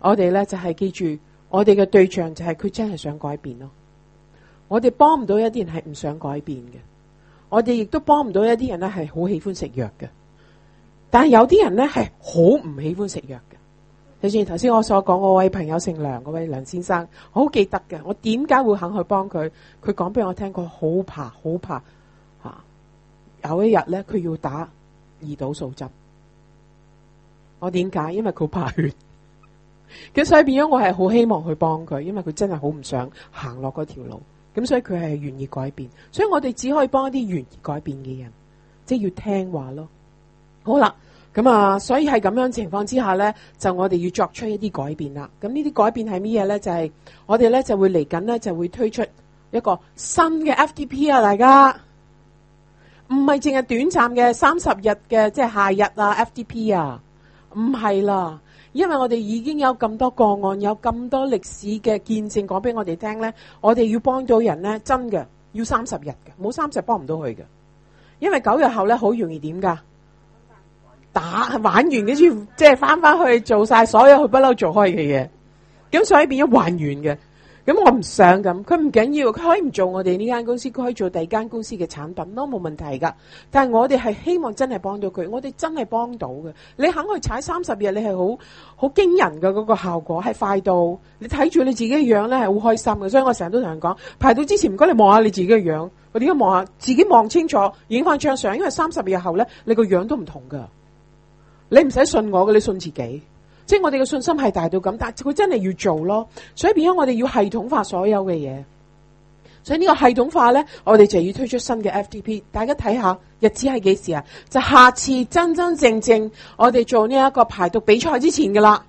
我哋咧就係記住，我哋嘅對象就係佢真係想改變咯。我哋幫唔到一啲人係唔想改變嘅，我哋亦都幫唔到一啲人咧係好喜歡食藥嘅。但係有啲人咧係好唔喜歡食藥嘅。你見頭先我所講嗰位朋友姓梁，嗰位梁先生，我好記得嘅。我點解會肯去幫佢？佢講俾我聽，佢好怕，好怕吓。有一日咧，佢要打胰島素針。我點解？因為佢怕血。咁所以變咗我係好希望去幫佢，因為佢真係好唔想行落嗰條路，咁所以佢係願意改變，所以我哋只可以幫一啲願意改變嘅人，即係要聽話咯。好啦，咁啊，所以喺咁樣情況之下呢，就我哋要作出一啲改變啦。咁呢啲改變係咩嘢呢？就係我哋呢就會嚟緊呢就會推出一個新嘅 FTP 啊，大家唔係淨係短暫嘅三十日嘅即係夏日啊 FTP 啊，唔係啦。因為我哋已經有咁多個案，有咁多歷史嘅見證講俾我哋聽咧，我哋要幫到人咧，真嘅要三十日嘅，冇三十幫唔到佢嘅。因為九日後咧，好容易點噶，打玩完嘅先，即係翻翻去做晒所有佢不嬲做開嘅嘢，咁所以變咗還原嘅。咁我唔想咁，佢唔緊要，佢可以唔做我哋呢間公司，佢可以做第二間公司嘅產品囉，冇問題噶。但係我哋係希望真係幫到佢，我哋真係幫到嘅。你肯去踩三十日，你係好好驚人嘅嗰個效果，係快到你睇住你自己嘅樣咧，係好開心嘅。所以我成日都同人講，排到之前唔該，你望下你自己嘅樣，我點解望下自己望清楚，影翻張相，因為三十日後咧，你個樣都唔同噶。你唔使信我嘅，你信自己。即係我哋嘅信心係大到咁，但係佢真係要做咯，所以變咗我哋要系統化所有嘅嘢。所以呢個系統化咧，我哋就要推出新嘅 FTP。大家睇下日子係幾時啊？就下次真真正正我哋做呢一個排毒比賽之前噶啦，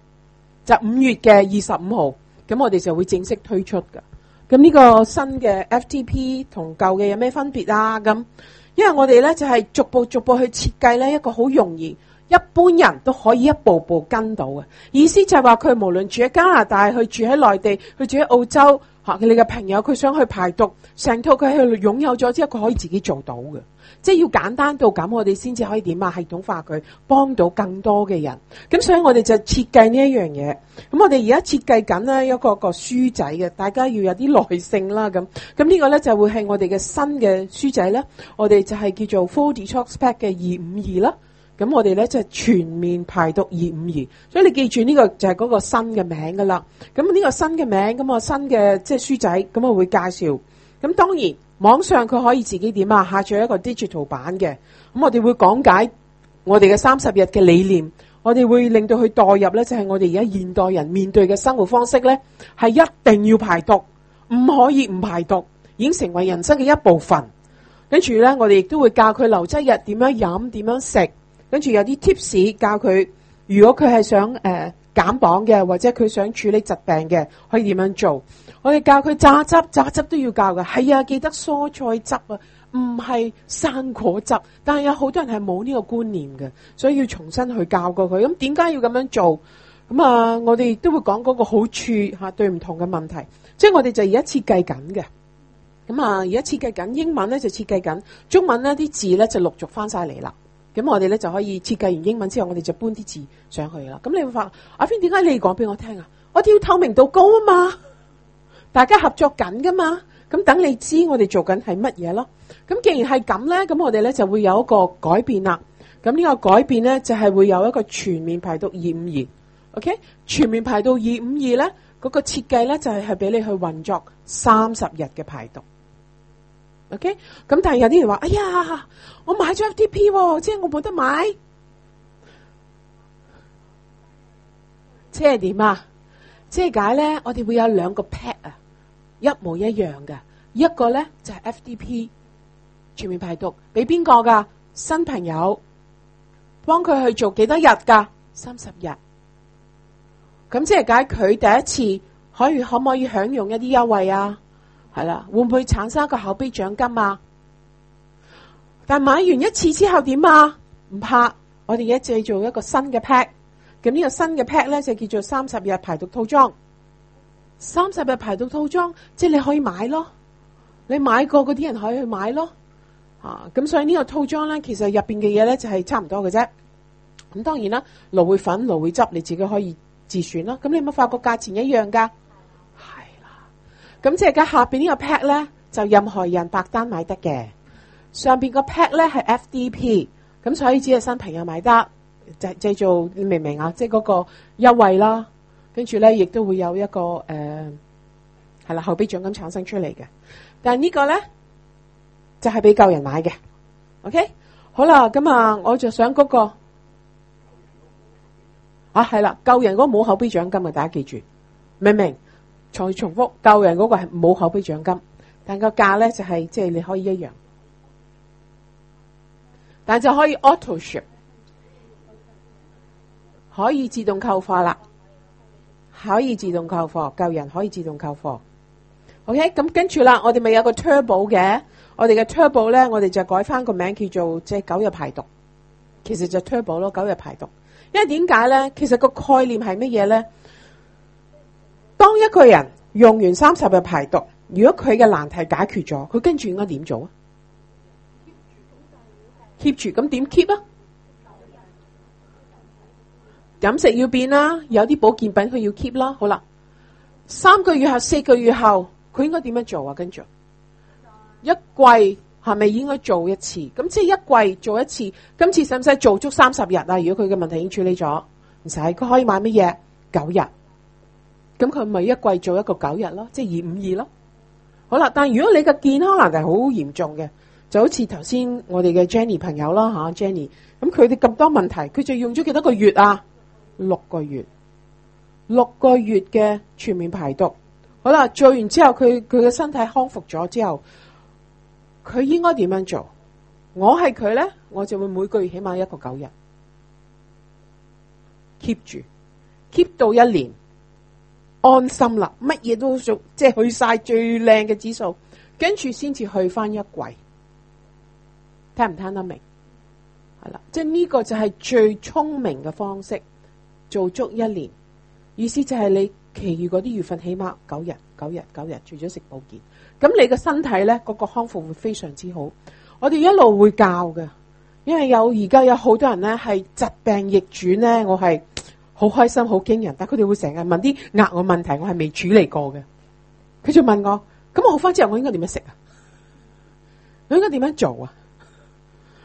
就五月嘅二十五號，咁我哋就會正式推出噶。咁呢個新嘅 FTP 同舊嘅有咩分別啊？咁因為我哋咧就係、是、逐步逐步去設計咧一個好容易。一般人都可以一步步跟到嘅，意思就係話佢無論住喺加拿大，佢住喺內地，佢住喺澳洲，吓佢哋嘅朋友佢想去排毒，成套佢係擁有咗之後，佢可以自己做到嘅，即係要簡單到咁，我哋先至可以點啊系統化佢，幫到更多嘅人。咁所以我們就設計這樣東西，我哋就設計呢一樣嘢。咁我哋而家設計緊咧一個一個，一個書仔嘅，大家要有啲耐性啦。咁咁呢個咧就會係我哋嘅新嘅書仔咧，我哋就係叫做 Four Detox Pack 嘅二五二啦。咁我哋呢就係全面排毒二五二，所以你記住呢個就係嗰個新嘅名噶啦。咁呢個新嘅名，咁我新嘅即係書仔，咁我會介紹。咁當然網上佢可以自己點啊，下載一個 digital 版嘅。咁我哋會講解我哋嘅三十日嘅理念，我哋會令到佢代入呢，就係我哋而家現代人面對嘅生活方式呢，係一定要排毒，唔可以唔排毒，已經成為人生嘅一部分。跟住呢，我哋亦都會教佢留七日，點樣飲，點樣食。跟住有啲 tips 教佢，如果佢係想誒減磅嘅，或者佢想處理疾病嘅，可以點樣做？我哋教佢榨汁，榨汁都要教嘅。係啊，記得蔬菜汁啊，唔係生果汁。但係有好多人係冇呢個觀念嘅，所以要重新去教過佢。咁點解要咁樣做？咁啊，我哋都會講嗰個好處吓，對唔同嘅問題。即係我哋就而家設計緊嘅。咁啊，而家設計緊英文咧就設計緊，中文呢啲字咧就陸續翻晒嚟啦。咁我哋咧就可以設計完英文之後，我哋就搬啲字上去啦。咁你會發覺，阿芬點解你講俾我聽啊？我要透明度高啊嘛，大家合作緊噶嘛。咁等你知我哋做緊係乜嘢咯？咁既然係咁咧，咁我哋咧就會有一個改變啦。咁呢個改變咧就係會有一個全面排毒二五二，OK？全面排毒二五二咧，嗰個設計咧就係係俾你去運作三十日嘅排毒。OK，咁但係有啲人話：「哎呀，我買咗 FDP，即係我冇得買，即係點啊？即係解咧，我哋會有兩個 pad 啊，一模一樣嘅，一個咧就係 FDP 全面排毒，俾邊個噶？新朋友，幫佢去做幾多日噶？三十日，咁即係解佢第一次可以可唔可以享用一啲優惠啊？係啦，會唔會產生一個口碑獎金啊？但買完一次之後點啊？唔怕，我哋而家製造一個新嘅 pack。咁呢個新嘅 pack 咧就叫做三十日排毒套裝。三十日排毒套裝，即係你可以買咯。你買過嗰啲人可以去買咯。啊，咁所以呢個套裝咧，其實入邊嘅嘢咧就係差唔多嘅啫。咁當然啦，蘆薈粉、蘆薈汁，你自己可以自選啦。咁你有冇發覺價錢一樣噶？咁即係而家下邊呢個 pack 咧，就任何人白單買得嘅。上邊個 pack 咧係 FDP，咁所以只係新朋友買得，製製造你明唔明啊？即係嗰個優惠啦，跟住咧亦都會有一個誒，係、呃、啦後備獎金產生出嚟嘅。但係呢個咧，就係俾舊人買嘅。OK，好啦，咁啊，我就想嗰、嗰個啊係啦，舊人嗰冇後備獎金嘅，大家記住，明唔明？再重複救人嗰個係冇口碑獎金，但個價咧就係即係你可以一樣，但就可以 auto ship，可以自動購貨啦，可以自動購貨，救人可以自動購貨。OK，咁跟住啦，我哋咪有個 turbo 嘅，我哋嘅 turbo 咧，我哋就改翻個名叫做即係九日排毒，其實就 turbo 咯，九日排毒。因為點解咧？其實個概念係乜嘢咧？當一個人用完三十日排毒，如果佢嘅難題解決咗，佢跟住應該點做啊？keep 住咁點 keep 啊？飲食要變啦，有啲保健品佢要 keep 啦。好啦，三個月後、四個月後，佢應該點樣做啊？跟住一季係咪應該做一次？咁即係一季做一次。今次使唔使做足三十日啊？如果佢嘅問題已經處理咗，唔使，佢可以買乜嘢？九日。咁佢咪一季做一個九日咯，即係二五二咯。好啦，但係如果你嘅健康難題好嚴重嘅，就好似頭先我哋嘅 Jenny 朋友啦吓，Jenny，咁佢哋咁多問題，佢就用咗幾多個月啊？六個月，六個月嘅全面排毒。好啦，做完之後佢佢嘅身體康復咗之後，佢應該點樣做？我係佢咧，我就會每個月起碼一個九日，keep 住，keep 到一年。安心啦，乜嘢都做，即係去晒最靚嘅指數，跟住先至去翻一季，聽唔聽得明？係啦，即係呢個就係最聰明嘅方式，做足一年，意思就係你其餘嗰啲月份起碼九日、九日、九日，除咗食保健，咁你嘅身體咧，個、嗰個康復會非常之好。我哋一路會教㗎，因為有而家有好多人咧係疾病逆轉咧，我係。好開心，好驚人，但佢哋會成日問啲額外問題，我係未處理過嘅。佢就問我，咁我好返之後我應該點樣食啊？我應該點樣做啊？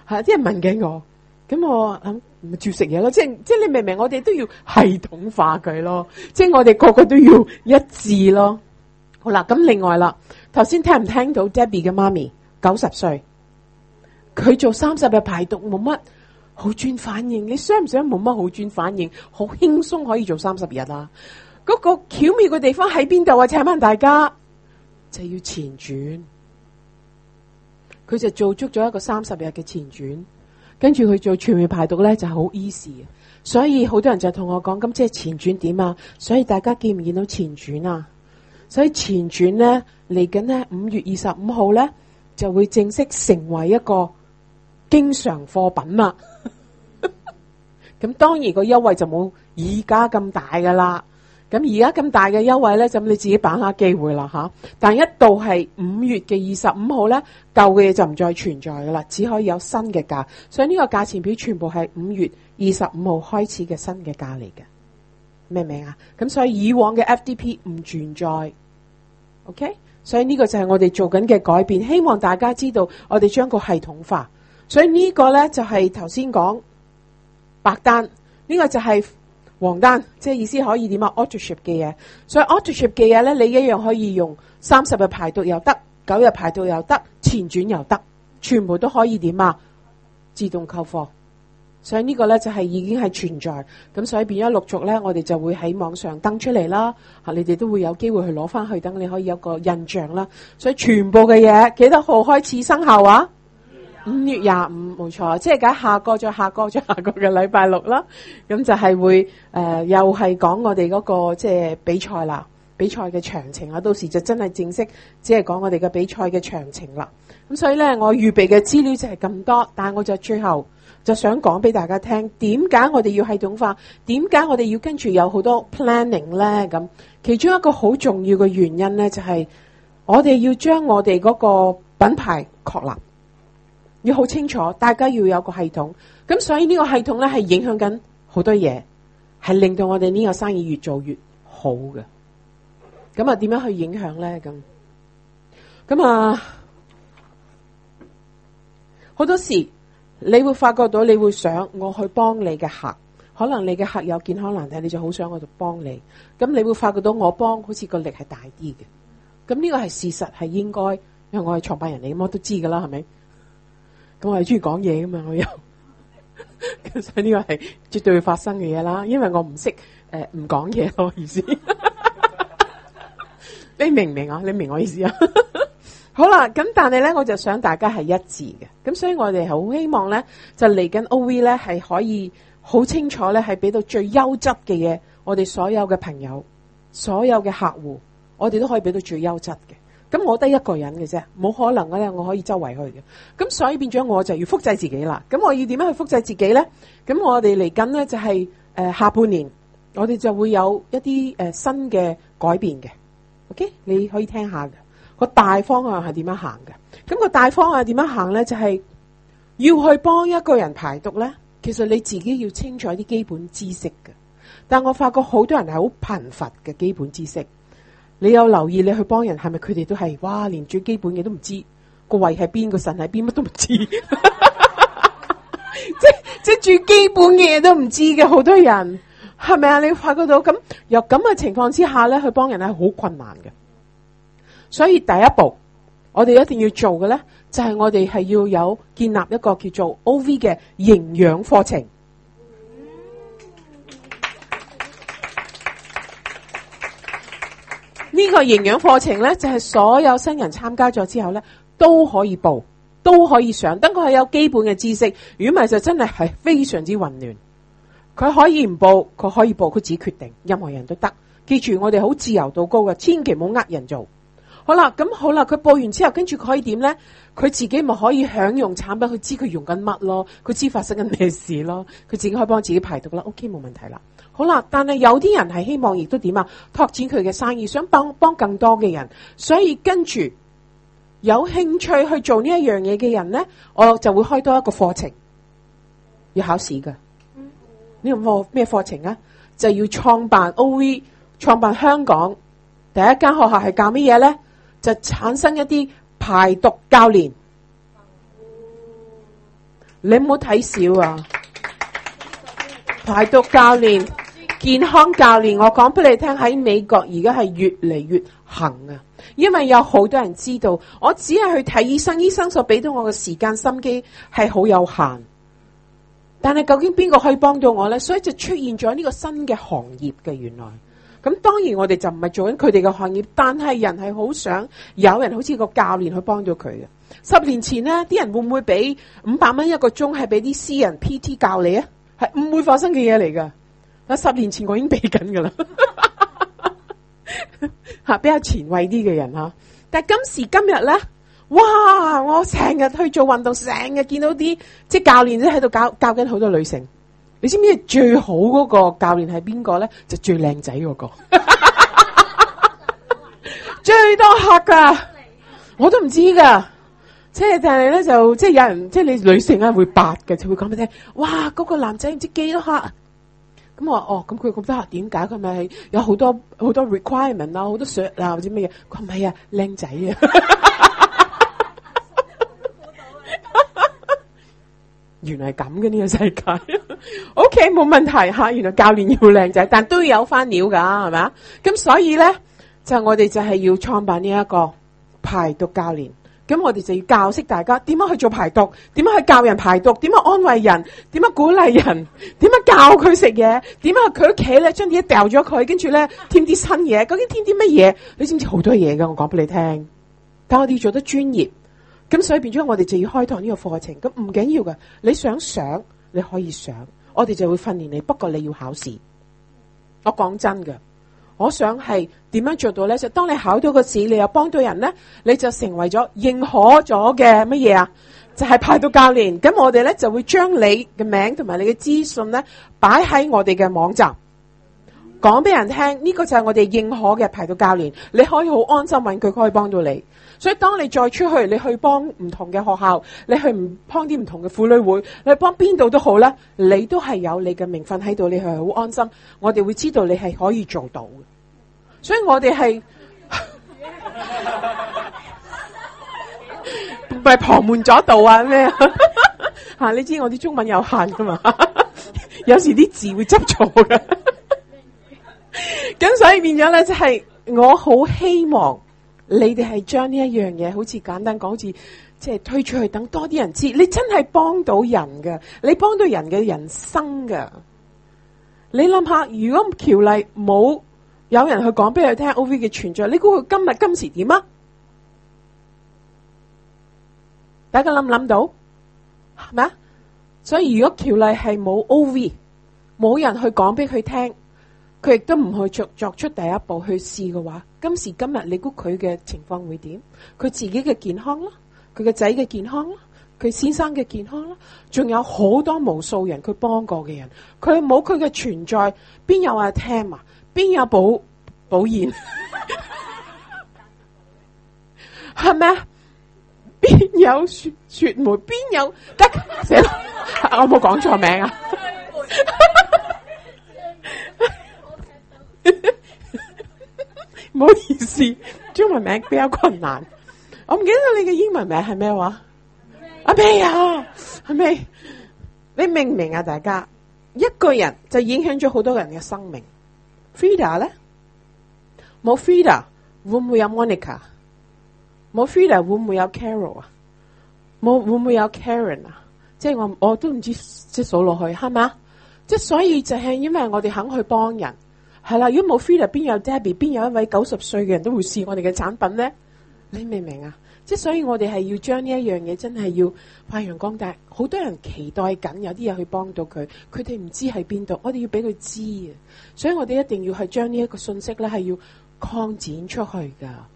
係啊，啲人問緊我，咁我諗唔住食嘢咯。即係即係，你明唔明？我哋都要系統化佢咯。即係我哋個個都要一致咯。好啦，咁另外啦，頭先聽唔聽到 Debbie 嘅媽咪九十歲，佢做三十日排毒冇乜。沒什麼好轉反應，你想唔想冇乜好轉反應？好輕鬆可以做三十日啦。嗰個巧妙嘅地方喺邊度啊？請問大家，就要前轉，佢就做足咗一個三十日嘅前轉，跟住佢做全面排毒咧就好 easy。所以好多人就同我講，咁即係前轉點啊？所以大家見唔見到前轉啊？所以前轉咧嚟緊呢五月二十五號咧就會正式成為一個。經常貨品啦，咁當然個優惠就冇而家咁大噶啦。咁而家咁大嘅優惠呢，就你自己把握機會啦吓。但一到係五月嘅二十五號呢，舊嘅嘢就唔再存在噶啦，只可以有新嘅價。所以呢個價錢表全部係五月二十五號開始嘅新嘅價嚟嘅。明唔明啊？咁所以以往嘅 FDP 唔存在，OK？所以呢個就係我哋做緊嘅改變，希望大家知道我哋將個系統化。所以呢個咧就係頭先講白單，呢、這個就係黃單，即係意思可以點啊？Autoship 嘅嘢，所以 Autoship 嘅嘢咧，你一樣可以用三十日排毒又得，九日排毒又得，前轉又得，全部都可以點啊？自動扣貨，所以呢個咧就係已經係存在，咁所以變咗陸續咧，我哋就會喺網上登出嚟啦，吓你哋都會有機會去攞翻去，等你可以有個印象啦。所以全部嘅嘢幾多號開始生效啊？五月廿五冇錯，即係咁下個再下個再下個嘅禮拜六啦，咁就係會誒、呃、又係講我哋嗰、嗰個即係比賽啦，比賽嘅詳情啊，到時就真係正式只是講的的，只係講我哋嘅比賽嘅詳情啦。咁所以呢，我預備嘅資料就係咁多，但係我就最後就想講俾大家聽，點解我哋要系統化？點解我哋要跟住有好多 planning 呢？咁其中一個好重要嘅原因呢，就係、是、我哋要將我哋嗰個品牌確立。要好清楚，大家要有個系統咁所以呢個系統咧係影響緊好多嘢，係令到我哋呢個生意越做越好嘅。咁啊，點樣去影響咧？咁，咁啊，好多時你會發覺到你會想我去幫你嘅客，可能你嘅客有健康難題，你就好想我就幫你。咁你會發覺到我幫好似個力係大啲嘅，咁呢個係事實，係應該，因為我係創辦人嚟，我都知噶啦，係咪？咁我係中意講嘢噶嘛，我又， 其實呢個係絕對會發生嘅嘢啦。因為我唔識誒唔講嘢咯，呃、意思。 你明唔明啊？你明我意思啊？ 好啦，咁但係咧，我就想大家係一致嘅。咁所以我哋好希望咧，就嚟緊 O V 咧係可以好清楚咧，係俾到最優質嘅嘢，我哋所有嘅朋友、所有嘅客戶，我哋都可以俾到最優質嘅。咁我得一個人嘅啫，冇可能嘅咧，我可以周圍去嘅。咁所以變咗我就要複製自己啦。咁我要點樣去複製自己呢？咁我哋嚟緊呢，就係誒下半年，我哋就會有一啲誒、呃、新嘅改變嘅。OK，你可以聽下大、那個大方向係點樣行嘅。咁個大方向係點樣行呢？就係、是、要去幫一個人排毒呢。其實你自己要清楚啲基本知識嘅，但我發覺好多人係好貧乏嘅基本知識。你有留意你去幫人係咪佢哋都係哇連最基本嘅都唔知個胃係邊個腎係邊乜都唔知 即，即係即係最基本嘅嘢都唔知嘅好多人係咪啊你發覺到咁由咁嘅情況之下咧去幫人係好困難嘅，所以第一步我哋一定要做嘅咧就係、是、我哋係要有建立一個叫做 O V 嘅營養課程。呢個營養課程呢，就係所有新人參加咗之後呢，都可以報，都可以上。等佢有基本嘅知識，如果唔係就真係係非常之混亂。佢可以唔報，佢可以報，佢自己決定，任何人都得。記住，我哋好自由到高嘅，千祈唔好呃人做。好啦，咁好啦，佢報完之後，跟住佢可以點呢？佢自己咪可以享用產品，佢知佢用緊乜咯，佢知發生緊咩事咯，佢自己可以幫自己排毒啦。OK，冇問題啦。好啦，但係有啲人係希望，亦都點啊？拓展佢嘅生意，想幫幫更多嘅人，所以跟住有興趣去做呢一樣嘢嘅人咧，我就會開多一個課程，要考試噶。呢個咩課程啊？就要創辦 O V，創辦香港第一間學校係教乜嘢咧？就產生一啲排毒教練。嗯、你唔好睇少啊！嗯嗯嗯、排毒教練。健康教練，我講俾你聽喺美國而家係越嚟越行啊！因為有好多人知道，我只係去睇醫生，醫生所俾到我嘅時間心機係好有限。但係究竟邊個可以幫到我呢？所以就出現咗呢個新嘅行業嘅。原來咁，那當然我哋就唔係做緊佢哋嘅行業，但係人係好想有人好似個教練去幫到佢嘅。十年前呢啲人會唔會俾五百蚊一個鐘係俾啲私人 PT 教你啊？係唔會發生嘅嘢嚟㗎。十年前我已經避緊噶啦，吓，比較前衛啲嘅人吓、啊。但係今時今日咧，哇！我成日去做運動，成日見到啲即係教練都喺度教教緊好多女性。你知唔知最好嗰個教練係邊個咧？就是、最靚仔嗰個， 最多客噶，我都唔知噶。即係但係咧，就即係有人即係你女性啊會八嘅，就會講俾你聽。哇！嗰個男仔唔知幾多客。咁我哦，咁佢覺得點解佢咪係有好多好多 requirement 啦、啊，好多 shot 啊或者咩嘢？佢唔係啊，靚仔啊， 原來係咁嘅呢個世界。O K，冇問題吓，原來教練要靚仔，但都要有翻料噶，係咪啊？咁所以咧，就我哋就係要創辦呢一個排毒教練。咁我哋就要教識大家點樣去做排毒，點樣去教人排毒，點樣安慰人，點樣鼓勵人，點樣教佢食嘢，點樣去佢屋企咧將啲嘢掉咗佢，跟住咧添啲新嘢，究竟添啲乜嘢？你知唔知好多嘢㗎。我講俾你聽，但我哋要做得專業，咁所以變咗我哋就要開拓呢個課程。咁唔緊要㗎，你想上，你可以上，我哋就會訓練你。不過你要考試，我講真噶。我想係點樣做到呢？就當你考到個試，你又幫到人呢，你就成為咗認可咗嘅乜嘢呀？就係、是、派到教練，咁我哋呢，就會將你嘅名同埋你嘅資訊呢，擺喺我哋嘅網站。講俾人聽呢個就係我哋認可嘅排毒教練，你可以好安心搵佢，佢可以幫到你。所以當你再出去，你去幫唔同嘅學校，你去唔幫啲唔同嘅婦女會，你去幫邊度都好啦。你都係有你嘅名分喺度，你係好安心。我哋會知道你係可以做到嘅。所以我哋係唔係旁門左道啊？咩吓， 你知我啲中文有限噶嘛？ 有時啲字會執錯嘅。咁所以變咗咧，就係我好希望你哋係將呢一樣嘢，好似簡單講，好似即係推出去，等多啲人知。你真係幫到人㗎，你幫到人嘅人生㗎。你諗下，如果條例冇有人去講俾佢聽，OV 嘅存在，你估佢今日今時點啊？大家諗唔諗到，係咪？所以如果條例係冇 OV，冇人去講俾佢聽。佢亦都唔去作作出第一步去試嘅話，今時今日你估佢嘅情況會點？佢自己嘅健康啦，佢個仔嘅健康啦，佢先生嘅健康啦，仲有好多無數人佢幫過嘅人，佢冇佢嘅存在，邊有阿 Tam 啊？邊有保保險？係咪啊？邊 有雪雪梅？邊有？我冇講錯名啊？ 唔 好意思，中文名比較困難。我唔記得你嘅英文名係咩話？阿咩文啊？係咪啊？你明唔明啊？大家一個人就影響咗好多人嘅生命。Frida 咧，冇 Frida，會唔會有 Monica，冇 Frida，會唔會有 Carol 啊，冇，會唔會有 Karen 啊？即係我我都唔知即係數落去係嘛？即係所以就係因為我哋肯去幫人。係啦，如果冇 Frida，邊有 Debbie，邊有一位九十歲嘅人都會試我哋嘅產品咧？你明唔明啊？即係所以，我哋係要將呢一樣嘢真係要發揚光大。好多人期待緊有啲嘢去幫到佢，佢哋唔知喺邊度，我哋要俾佢知啊！所以我哋一定要係將呢一個信息咧係要擴展出去噶。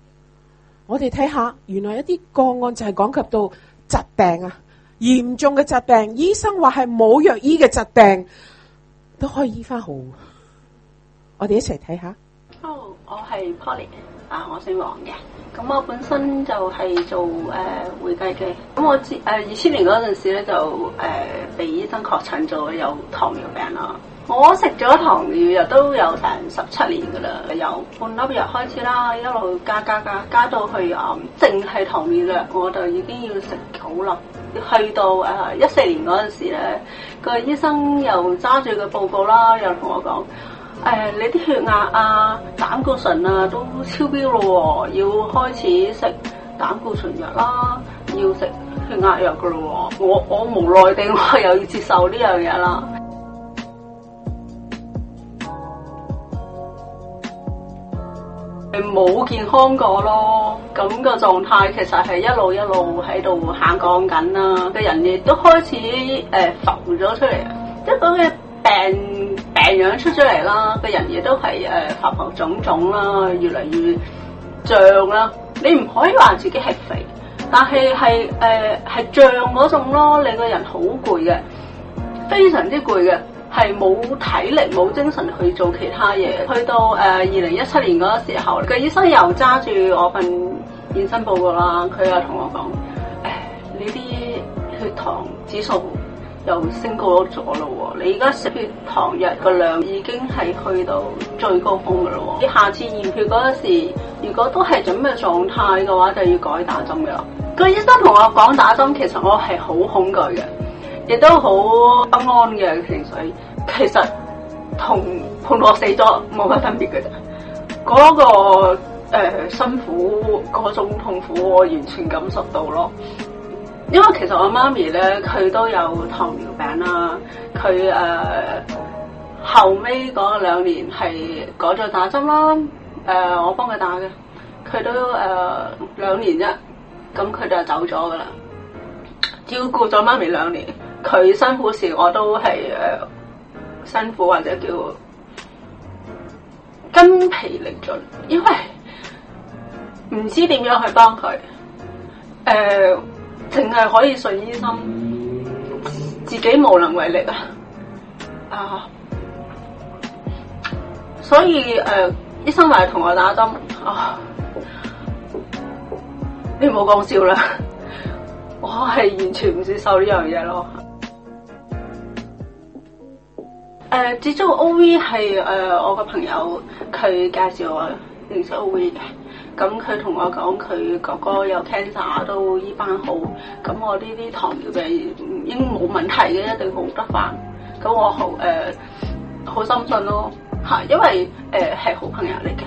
我哋睇下，原來一啲個案就係講及到疾病啊，嚴重嘅疾病，醫生話係冇藥醫嘅疾病，都可以醫翻好。我哋一齊睇下。Hello，我係 Poly，啊，我姓黃嘅。咁我本身就係做誒會、呃、計嘅。咁我二誒二千年嗰陣時咧就誒、呃、被醫生確診咗有糖尿病啦。我食咗糖尿藥都有成十七年噶啦，由半粒藥開始啦，一路加加加加到去啊，淨、呃、係糖尿藥我就已經要食九粒。去到誒一四年嗰陣時咧，個醫生又揸住個報告啦，又同我講。誒、哎，你啲血壓啊、膽固醇啊都超標咯，要開始食膽固醇藥啦，要食血壓藥噶咯。我我無奈地我又要接受呢樣嘢啦。冇 健康過咯，咁、這個狀態其實係一路一路喺度下降緊啦，個人亦都開始誒浮咗出嚟，即係講嘅病樣出咗嚟啦，個人亦都係誒繁繁種種啦，越嚟越脹啦。你唔可以話自己係肥，但係係誒係脹嗰種咯。你個人好攰嘅，非常之攰嘅，係冇體力、冇精神去做其他嘢。去到誒二零一七年嗰個時候，個醫生又揸住我份驗身報告啦，佢又同我講：誒，呢啲血糖指數，又升高咗咯喎！你而家食血糖藥個量已經係去到最高峰噶咯喎！你下次驗血嗰時，如果都係咁嘅狀態嘅話，就要改打針噶啦。個醫生同我講打針，其實我係好恐懼嘅，亦都好不安嘅情緒。其實同判我死咗冇乜分別嘅啫，那個，嗰個誒辛苦嗰種痛苦，我完全感受到咯。因為其實我媽咪咧，佢都有糖尿病啦，佢誒、呃、後尾嗰兩年係改咗打針啦，誒、呃、我幫佢打嘅，佢都誒、呃、兩年啫，咁佢就走咗噶啦，照顧咗媽咪兩年，佢辛苦時我都係誒、呃、辛苦或者叫筋疲力盡，因為唔知點樣去幫佢，誒、呃。淨係可以信醫生，自己無能為力啊！啊，所以誒、呃，醫生話同我打針啊，你唔好講笑啦，我係完全唔接受呢樣嘢咯。誒、呃，接觸 O V 係誒、呃，我個朋友佢介紹我。而且會咁，佢同我講，佢哥哥有 cancer 都醫翻好。咁我呢啲糖尿病應該冇問題嘅，一定好得翻。咁我好誒，好、呃、深信咯，嚇，因為誒係、呃、好朋友嚟嘅。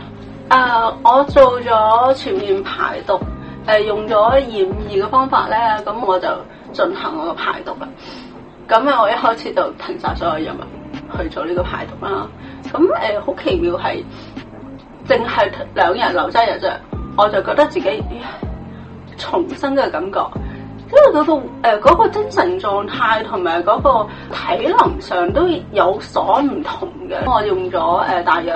啊、呃，我做咗全面排毒，呃、用咗驗儀嘅方法咧，咁我就進行我嘅排毒啦。咁啊，我一開始就停晒所有藥物，去做呢個排毒啦。咁誒，好、呃、奇妙係～淨係兩日留針日啫，我就覺得自己重生嘅感覺，因為嗰、嗰個誒、呃嗰個精神狀態同埋嗰個體能上都有所唔同嘅。我用咗誒、呃、大約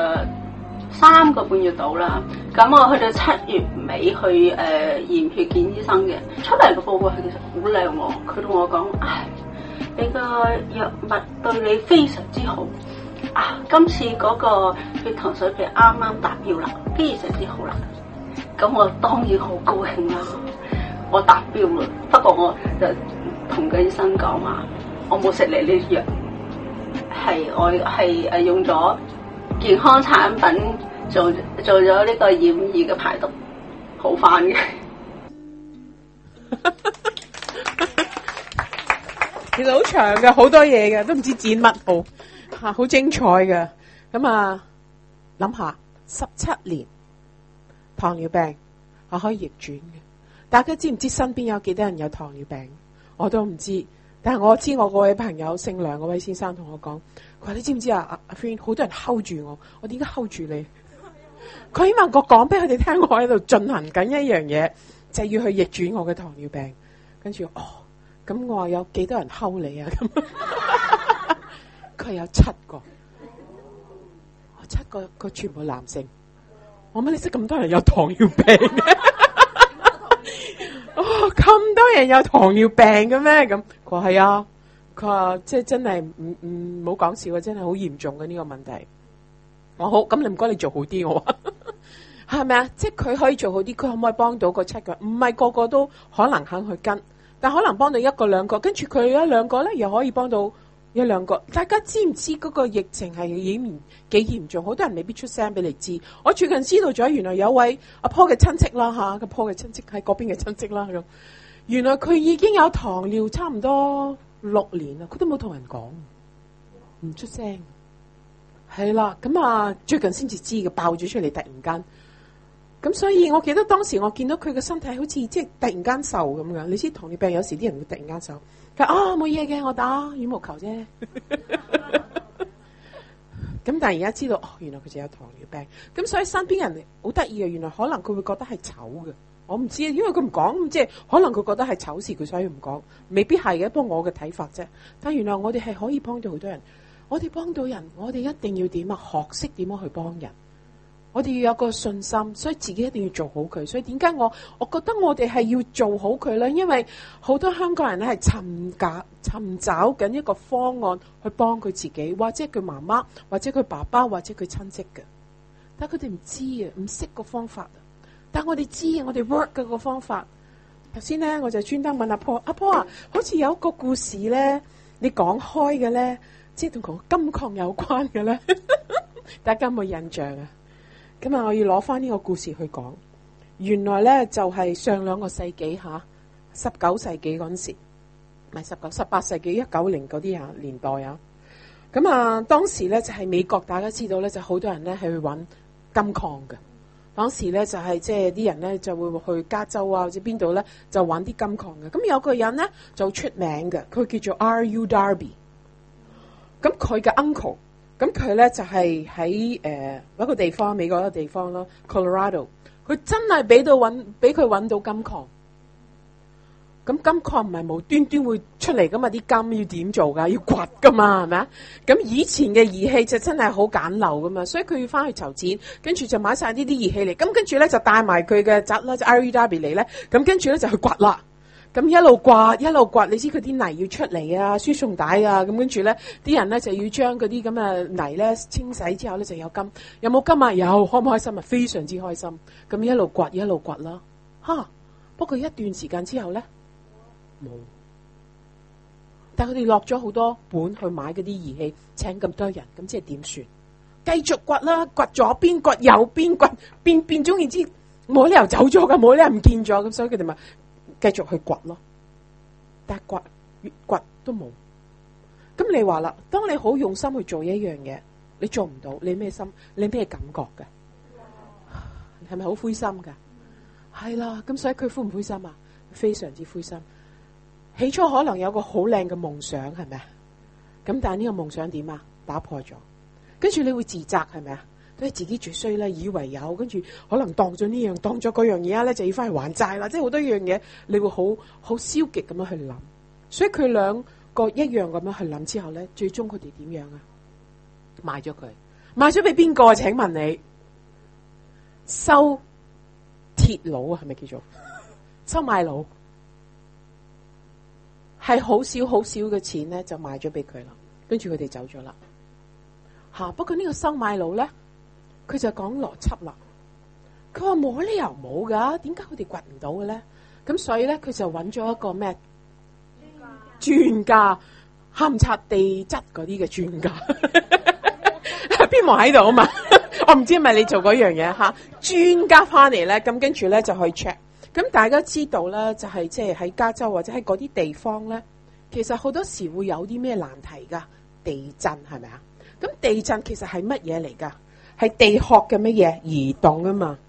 三個半月到啦，咁我去到七月尾去誒驗、呃、血見醫生嘅，出嚟嘅報告係其實好靚喎。佢同我講：唉，你個藥物對你非常之好。啊！今次嗰個血糖水平啱啱達標啦，非常之好啦。咁我當然好高興啦，啊，我達標啦。不過我就同個醫生講嘛，我冇食你啲藥，係我係誒用咗健康產品做做咗呢個掩耳嘅排毒，好翻嘅。 其實好長嘅，好多嘢嘅，都唔知剪乜好。好精彩嘅，咁啊諗下，十七年糖尿病，我可以逆轉嘅。大家知唔知身邊有幾多人有糖尿病？我都唔知，但係我知我嗰位朋友姓梁嗰位先生同我講，佢話你知唔知啊？阿阿 Frank，好多人 hold 住我，我點解 hold 住你？佢希望我講俾佢哋聽，我喺度進行緊一樣嘢，就係要去逆轉我嘅糖尿病。跟住哦，咁我話有幾多人 hold 你啊？咁。 佢有七個，哦、七個佢全部男性。哦、我乜你識咁多人有糖尿病？咁、哦 哦、多人有糖尿病嘅咩？咁佢係啊，佢話、哎、即係真係唔唔好講笑啊，真係好、嗯嗯、嚴重嘅呢、呢個問題。我好，咁你唔該你做好啲我，係咪啊？即係佢可以做好啲，佢可唔可以幫到個七個？唔係個個都可能肯去跟，但可能幫到一個兩個，跟住佢一兩個咧，又可以幫到。一兩個，大家知唔知嗰個疫情係幾嚴重？好多人未必出聲俾你知。我最近知道咗，原來有位阿婆嘅親戚啦，吓個阿婆嘅親戚喺嗰邊嘅親戚啦咁。原來佢已經有糖尿差唔多六年啦，佢都冇同人講，唔出聲。係啦，咁啊最近先至知嘅，爆咗出嚟，突然間。咁所以我記得當時我見到佢嘅身體好似即係突然間瘦咁樣。你知糖尿病有時啲人會突然間瘦。佢啊冇嘢嘅，我打羽毛球啫。咁 但係而家知道哦，原來佢就有糖尿病。咁所以身邊人好得意啊，原來可能佢會覺得係醜嘅。我唔知，因為佢唔講，即係可能佢覺得係醜事，佢所以唔講，未必係嘅。不過我嘅睇法啫。但係原來我哋係可以幫到好多人，我哋幫到人，我哋一定要點啊？學識點樣去幫人。我哋要有個信心，所以自己一定要做好佢。所以點解我我覺得我哋係要做好佢咧？因為好多香港人咧，係尋找尋找緊一個方案去幫佢自己，或者佢媽媽，或者佢爸爸，或者佢親戚嘅。但係佢哋唔知啊，唔識個方法。但係我哋知，我哋 work 嘅個方法。頭先咧，我就專登問阿婆，阿婆啊，好似有一個故事咧，你講開嘅咧，即係同金礦有關嘅咧， 大家有冇印象啊？咁啊，我要攞翻呢個故事去講。原來咧就係、是、上兩個世紀吓，十、啊、九世紀嗰陣時，唔係十九、十八世紀一九零嗰啲啊年代啊。咁啊，當時咧就係、是、美國，大家知道咧就好多人咧係去揾金礦嘅。嗰陣時咧就係、是、即係啲人咧就會去加州啊或者邊度咧就揾啲金礦嘅。咁有一個人咧就出名嘅，佢叫做 R. U. Darby。咁佢嘅 uncle。咁佢咧就係喺誒一個地方，美國一個地方咯，Colorado。佢真係俾到俾佢揾到金礦。咁金礦唔係無端端會出嚟噶嘛？啲金要點做噶？要掘噶嘛？係咪啊？咁以前嘅儀器就真係好簡陋噶嘛，所以佢要翻去籌錢，跟住就買晒呢啲儀器嚟。咁跟住咧就帶埋佢嘅侄咧，就 Irving Darby 嚟咧。咁跟住咧就去掘啦。咁一路刮，一路刮，你知佢啲泥要出嚟啊，輸送帶啊，咁跟住咧，啲人咧就要將嗰啲咁嘅泥咧清洗之後咧就有金，有冇金啊？有，開唔開心啊？非常之開心。咁一路刮，一路刮啦，吓，不過一段時間之後咧冇，但係佢哋落咗好多本去買嗰啲儀器，請咁多人，咁即係點算？繼續刮啦，刮左邊刮右邊刮，變變總之，冇理由走咗噶，冇理由唔見咗，咁所以佢哋咪。繼續去掘咯，但掘越掘都冇。咁你話啦，當你好用心去做一樣嘢，你做唔到，你咩心？你咩感覺噶？係咪好灰心噶？係啦，咁所以佢灰唔灰心啊？非常之灰心。起初可能有個好靚嘅夢想，係咪啊？咁但係呢個夢想點啊？打破咗，跟住你會自責，係咪啊？都係自己最衰啦，以為有跟住可能當咗呢樣，當咗嗰樣嘢啊咧，就要翻去還債啦。即係好多樣嘢，你會好好消極咁樣去諗。所以佢兩個一樣咁樣去諗之後咧，最終佢哋點樣啊？賣咗佢，賣咗俾邊個？請問你收鐵佬啊？係咪叫做收賣佬？係好少好少嘅錢咧，就賣咗俾佢啦。跟住佢哋走咗啦。吓，不過呢個收賣佬咧。佢就講邏輯啦。佢話冇理由冇㗎，點解佢哋掘唔到嘅咧？咁所以咧，佢就揾咗一個咩專家勘測地質嗰啲嘅專家，邊個喺度啊？嘛， 我唔知係咪你做嗰樣嘢嚇。專家翻嚟咧，咁跟住咧就去 check。咁大家知道咧，就係即係喺加州或者喺嗰啲地方咧，其實好多時會有啲咩難題㗎？地震係咪啊？咁地震其實係乜嘢嚟㗎？係地殼嘅乜嘢移動啊嘛？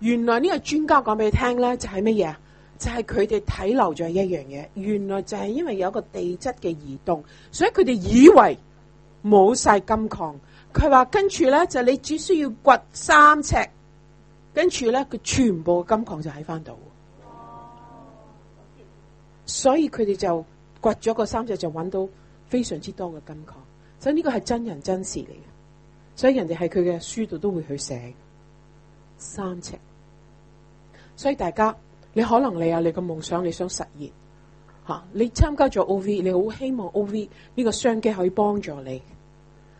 原來呢個專家講俾你聽咧，就係乜嘢？就係佢哋睇漏咗一樣嘢。原來就係因為有一個地質嘅移動，所以佢哋以為冇晒金礦。佢話跟住咧，就你只需要掘三尺，跟住咧，佢全部嘅金礦就喺翻度。所以佢哋就掘咗個三尺，就揾到非常之多嘅金礦。所以呢個係真人真事嚟嘅。所以人哋喺佢嘅書度都會去寫的三尺，所以大家你可能你有、啊、你個夢想你想實現吓，你參加咗 O V，你好希望 O V 呢個商機可以幫助你，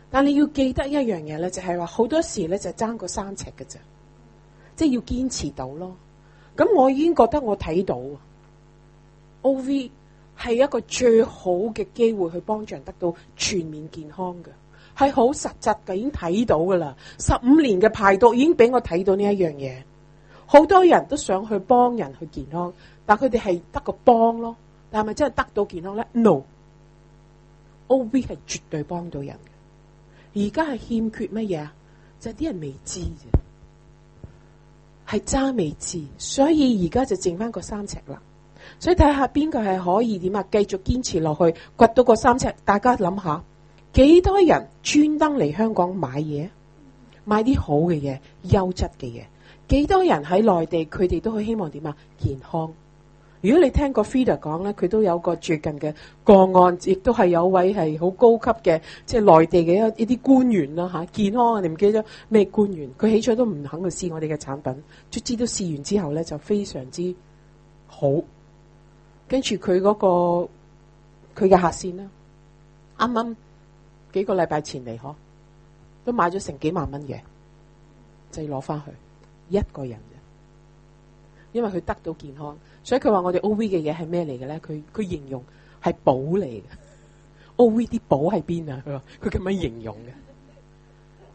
但你要記得一樣嘢咧，就係話好多時咧就爭、是、個三尺嘅咋，即係要堅持到咯。咁我已經覺得我睇到 O V 係一個最好嘅機會去幫助人得到全面健康嘅。係好實質嘅，已經睇到噶啦。十五年嘅排毒已經俾我睇到呢一樣嘢。好多人都想去幫人去健康，但佢哋係得個幫咯，但係咪真係得到健康咧？No，OB 係絕對幫到人的。而家係欠缺乜嘢？就係啲人未知，係渣未知，所以而家就剩翻個三尺啦。所以睇下邊個係可以點啊？繼續堅持落去，掘到個三尺，大家諗下。幾多人專登嚟香港買嘢，買啲好嘅嘢、優質嘅嘢？幾多人喺內地，佢哋都好希望點啊？健康。如果你聽過 Fida 講咧，佢都有個最近嘅個案，亦都係有位係好高級嘅，即係內地嘅一呢啲官員啦。吓，健康你唔記得咩官員？佢起初都唔肯去試我哋嘅產品，卒之都試完之後咧，就非常之好。跟住佢嗰個佢嘅客線啦，啱啱、嗯。嗯幾個禮拜前嚟呵，都買咗成幾萬蚊嘅，就攞翻去一個人嘅，因為佢得到健康，所以佢話我哋 O V 嘅嘢係咩嚟嘅咧？佢佢形容係寶嚟嘅，O V 啲寶喺邊啊？佢話佢咁樣形容嘅，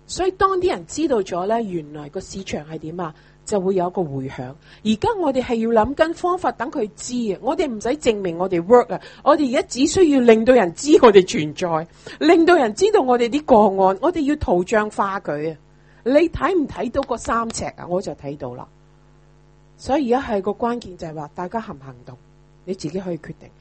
所以當啲人知道咗咧，原來個市場係點啊？就會有一個回響。而家我哋係要諗緊方法等佢知啊。我哋唔使證明我哋 work 啊。我哋而家只需要令到人知我哋存在，令到人知道我哋啲個案。我哋要圖像化佢啊。你睇唔睇到個三尺啊？我就睇到啦。所以而家係個關鍵就係話，大家行唔行動，你自己可以決定。